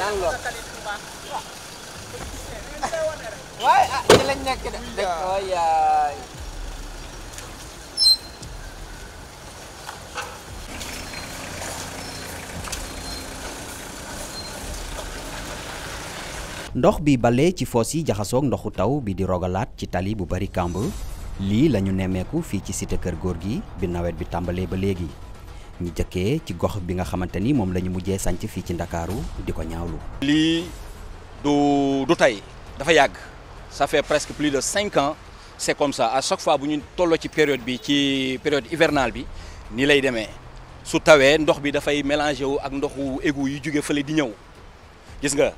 Wah, ah, iya. Oh ya. ndox bi balé ci fossi jaxaso jaxasook ndoxu taw bi di rogalat ci tali bu bari kambu li lañu néméku fi ci cité kër bi nawet bi tambalé ba légui ñu jëkkee ci gox bi nga xamante ni moom la ñu mujjee sànc fii ci ndakaaru di ko ñaawlu. lii du du tey dafa yàgg ça fait presque plus de cinq ans c'est comme ça à chaque fois bu ñu tolloo ci période bi ci période hivernale bi nii lay demee su tawee ndox bi dafay mélangé wu ak ndoxu égout yu jóge fële di ñëw gis nga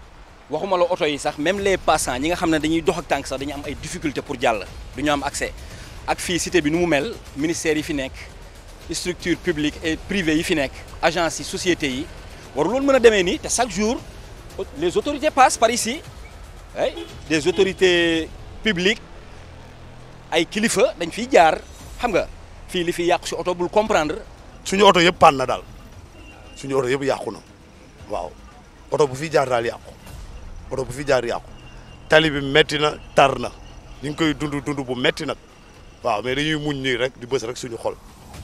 waxuma la oto yi sax même les passant ñi nga xam ne dañuy dox ak tànk sax dañu am ay difficultés pour jàll du ñu am accès ak fii cité bi nu mu mel ministère yi fi nekk. structures publiques et privées, yi fi yi société yi chaque jour les autorités passent par ici Les eh, autorités publiques ay kilifa dañ jaar xam nga comprendre suñu auto panne na dal suñu auto waaw bu fi jaar bu fi jaar tali bi metti na koy bu metti waaw mais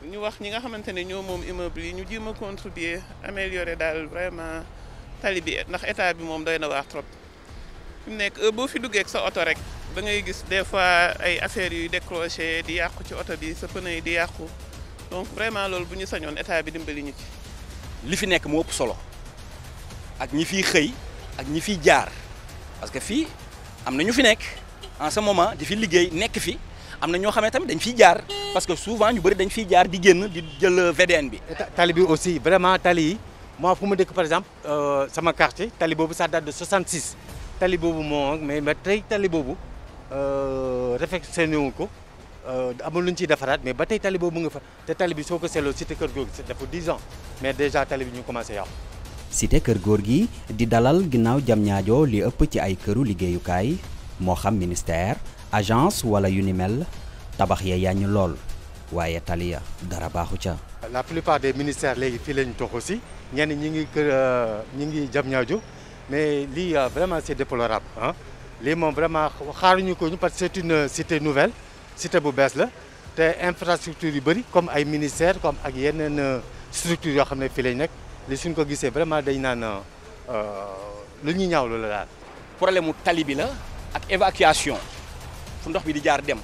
ñu wax ñi nga xamante ne ñoo moom immeuble yi ñu jéem a contribuer améliorer daal vraiment tali bi ndax état bi moom doy na waax trop fi nekk euh, boo fi duggee sa oto rek da ngay gis des fois ay affaires yuy décroché di yàqu ci oto bi sa di yàqu donc vraiment loolu bu ñu sañoon état bi dimbali ñu ci. li fi nekk moo solo ak ñi fiy xëy ak ñi fiy jaar parce que fii am na ñu fi nekk en ce moment di fi liggéey nekk fi. amna na ñoo xamee tamit dañ fiy jaar parce que souvent ñu bëri dañ fiy jaar di génn di jël VDN bi. tali bi aussi vraiment tali yi moi fu dekk par exemple euh, sama quartier tali bobu ça date de 66 tali boobu moo mais mais tay tali euh réfectionné wu ko euh, amul luñ ci défarat mais ba tey tali bobu nga fa té tali bi soko sélo cité kër googu dafa 10 ans mais déjà tali bi ñu commencé yàqu. cité kër góor gi di dalal ginnaw jam ñaajoo li ëpp ci ay këru kay mo xam ministère agence wala yu ni mel tabax ya yàññ lool waaye tali dara baxu ca. la plupart des ministères légui fi lañ ñu toog aussi ñenn ñi ngi kër euh, ñi ngi jam ñaaju mais li euh, vraiment c'est déplorable hein lii moom vraiment xaaruñu ko ñu parce que c' une euh, cité nouvelle cité bu bees la té infrastructure yu bari comme ay ministères comme ak yenen structure yo xamné fi lañ nekk li suñ ko gissé vraiment dañ naan lu ñuy ñaawlu la dal problème talibi la ak évacuation dem.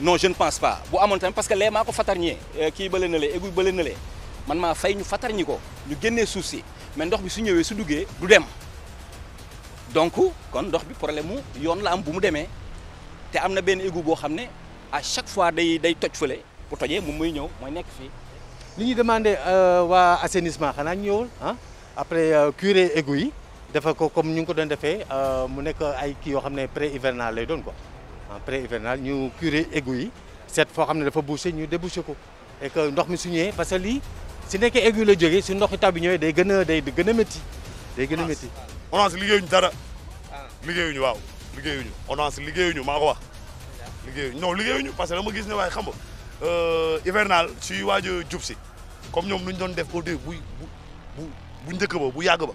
non je ne pense pas bu des tam parce que les mako ko fatarñee eh, kii bële na na man ma fay ñu des ñu mais bi su su du dem donc kon bi problème mu yoon la am bu mu te amna à chaque fois day day toj bu ont mu muy ñëw moy nekk li demandé euh, wa assainissement xana ñëwul hein après euh, curé defal ko comme ñu ngi ko doon euh mu nekk ay ki yo xamné pré hivernal lay doon quoi en ah, pré hivernal ñu curé égout yi seet xamné dafa bouché ñu déboucher ko et que ndox mi su ñëwee parce que li si nekkee égout la jógee si ndox taw bi ñëwee day gëna day gëna metti métti day gën a ah. métti ligéyu ñu dara ligéyu ah. liggéeyuñu waaw liggéeyuñu ONAS ligéyu ñu mako wax ligéyu non ligéyu ñu parce que dama gis né way xam nga euh, hivernal ci waaj a jub comme ñom lu ñu doon def au début bu bu bu njëkk ba bu yag ba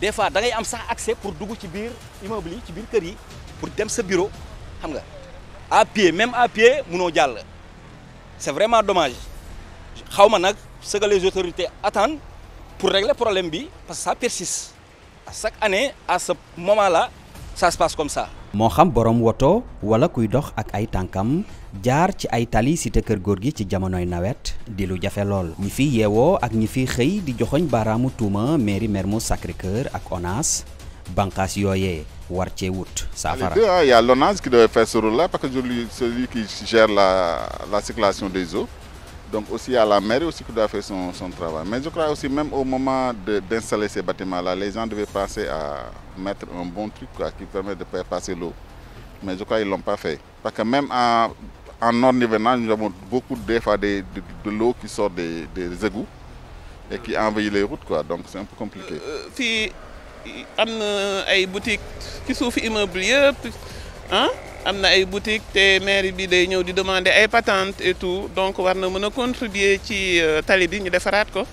des fois da ngay am accès pour dugg ci biir immeuble yi ci pour dem sa bureau xam à pied même à pied jàll c'est vraiment dommage Je ma ce que les autorités attendent pour régler problème bi parce que ça persiste à chaque année à ce moment-là ça se passe comme ça moo xam borom woto wala kuy dox ak ay tànkam jaar ci ay tali cité kër góor gi ci jamonoy nawet di lu jafe lool ñi fiy yeewoo ak ñi fiy xëy di joxoñ baaraamu tuuma mairie Mermoz Sacré-Cœur ak ONAS banqaas yooyee war cee wut saafara. Il y a que celui qui gère la la circulation des eaux Donc aussi à la mairie aussi qui doit faire son, travail. Mais je crois aussi même au moment d'installer ces bâtiments-là, les gens devaient penser à mettre un bon truc quoi, qui permet de faire passer l'eau. Mais je crois qu'ils ne l'ont pas fait. Parce que même en, en niveau, nous avons beaucoup de, de, de, l'eau qui sort des, égouts et qui envahit les routes. Quoi. Donc c'est un peu compliqué. si, il y a des boutiques qui sont immobilières, ah am ay boutique té mairie bi day ñëw di demander ay patente et tout donc warna mëna contribuer ci euh, tali bi ñu défarat ko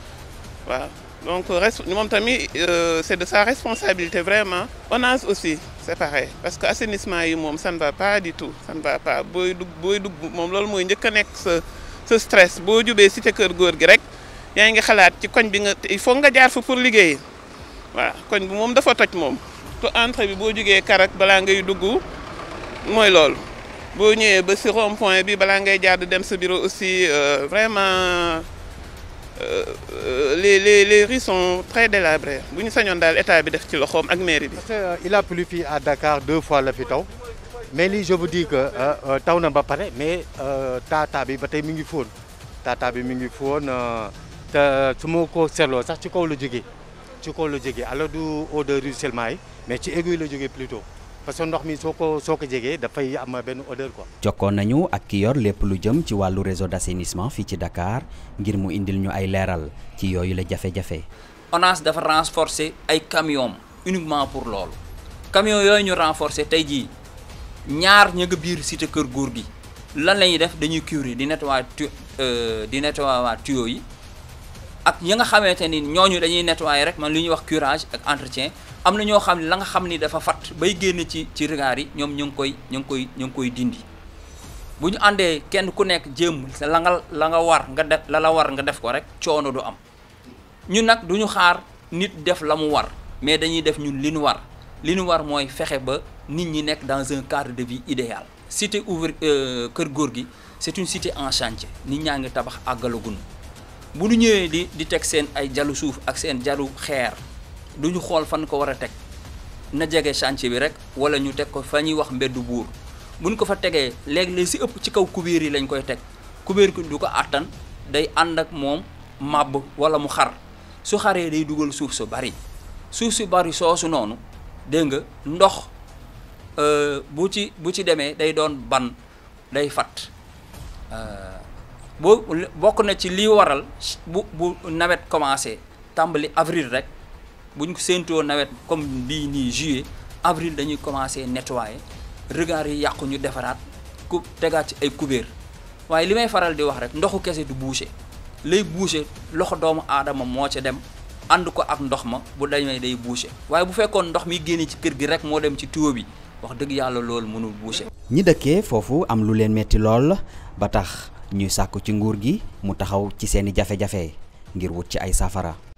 waaw donc moom tammi euh, c'est de sa responsabilité vraiment on a aussi c'est pareil parce que assainissement yi mom ça ne va pas du tout ça ne va pas boy dugg boy dugg mom loolu moy ñëk nek ce ce sa stress boo jubee cité kër goor gi rek yaa ngi xalaat ci koñ bi nga il faut nga jaar fa pour liggéey waaw koñ bi moom dafa toj moom te entrée bi boo jugee Karak balaa ngay dugg moi lol, boo ñëwé point bureau aussi euh, vraiment euh, euh, les rues sont très délabrées état bi def ci il a plu à Dakar deux fois la fi mais je vous dis que taw na ba parlé, mais Tata bi batay mi ngi bi mi ngi te ko sax ci du de mais ci aiguille plutôt. parce que ndox mi soo ko soo ko jegee dafay am benn odeur quoi. jokkoon nañu ak ki yor lépp lu jëm ci wàllu réseau d'assainissement fii ci Dakar ngir mu indil ñu ay leeral ci yooyu la jafe-jafe. ONAS dafa renforcer ay camions uniquement pour loolu camions yooyu ñu renforcer tey jii ñaar ña biir cité kër góor gi lan la ñuy def dañuy curer di nettoyer tu euh, di nettoyer tuyaux yi. ak ñi nga xamante ni ñooñu dañuy nettoyer rek man li ñuy wax curage ak entretien am na ñoo xam ne la nga xam ni dafa fat bay génn ci ci regard yi ñoom ñu ngi koy ñu ngi koy ñu ngi koy dindi bu ñu àndee kenn ku nekk jéem la nga la nga war nga def la la war nga def ko rek coono du am ñun nag duñu xaar nit def la mu war mais dañuy def ñun li ñu war li ñu war mooy fexe ba nit ñi nekk dans un cadre de vie idéal cité ouvrier euh, Kër Góor gi c'est une cité en chantier nit ñaa ngi tabax àggalaguñu bu du ñëwee di di teg seen ay jalu suuf ak seen jalu xeer du ñu xool fan ko war a teg na jege chantier bi rek wala ñu teg ko fa ñuy wax mbeddu buur buñ ko fa tegee léegi la si ëpp ci kaw kubéer yi lañ koy teg kubéer ki du ko àttan day ànd ak moom màbb wala mu xar su xaree day dugal suuf su bari suuf su bari soosu noonu dégg nga ndox euh, bu ci bu ci demee day doon ban day fat euh, boo bokk na ci lii waral bu bu nawet commencé tàmbali avril rek buñ ko séentoo nawet comme bii nii juillet avril dañuy commencé nettoyer regard yi yàqu ñu defaraat ku tegaat ci ay kubéer waaye li may faral di wax rek ndoxu kese du boucher lay boucher loxo doomu aadama moo ca dem ànd ko ak ndox ma bu dañee day boucher waaye bu fekkoon ndox mi génne ci kër gi rek moo dem ci tuyau bi wax dëgg yàlla loolu mënul boucher. ñi dëkkee foofu am lu leen metti lool ba tax. ñuy sàkku ci nguur gi mu taxaw ci seeni jafe-jafe ngir wut ci ay safara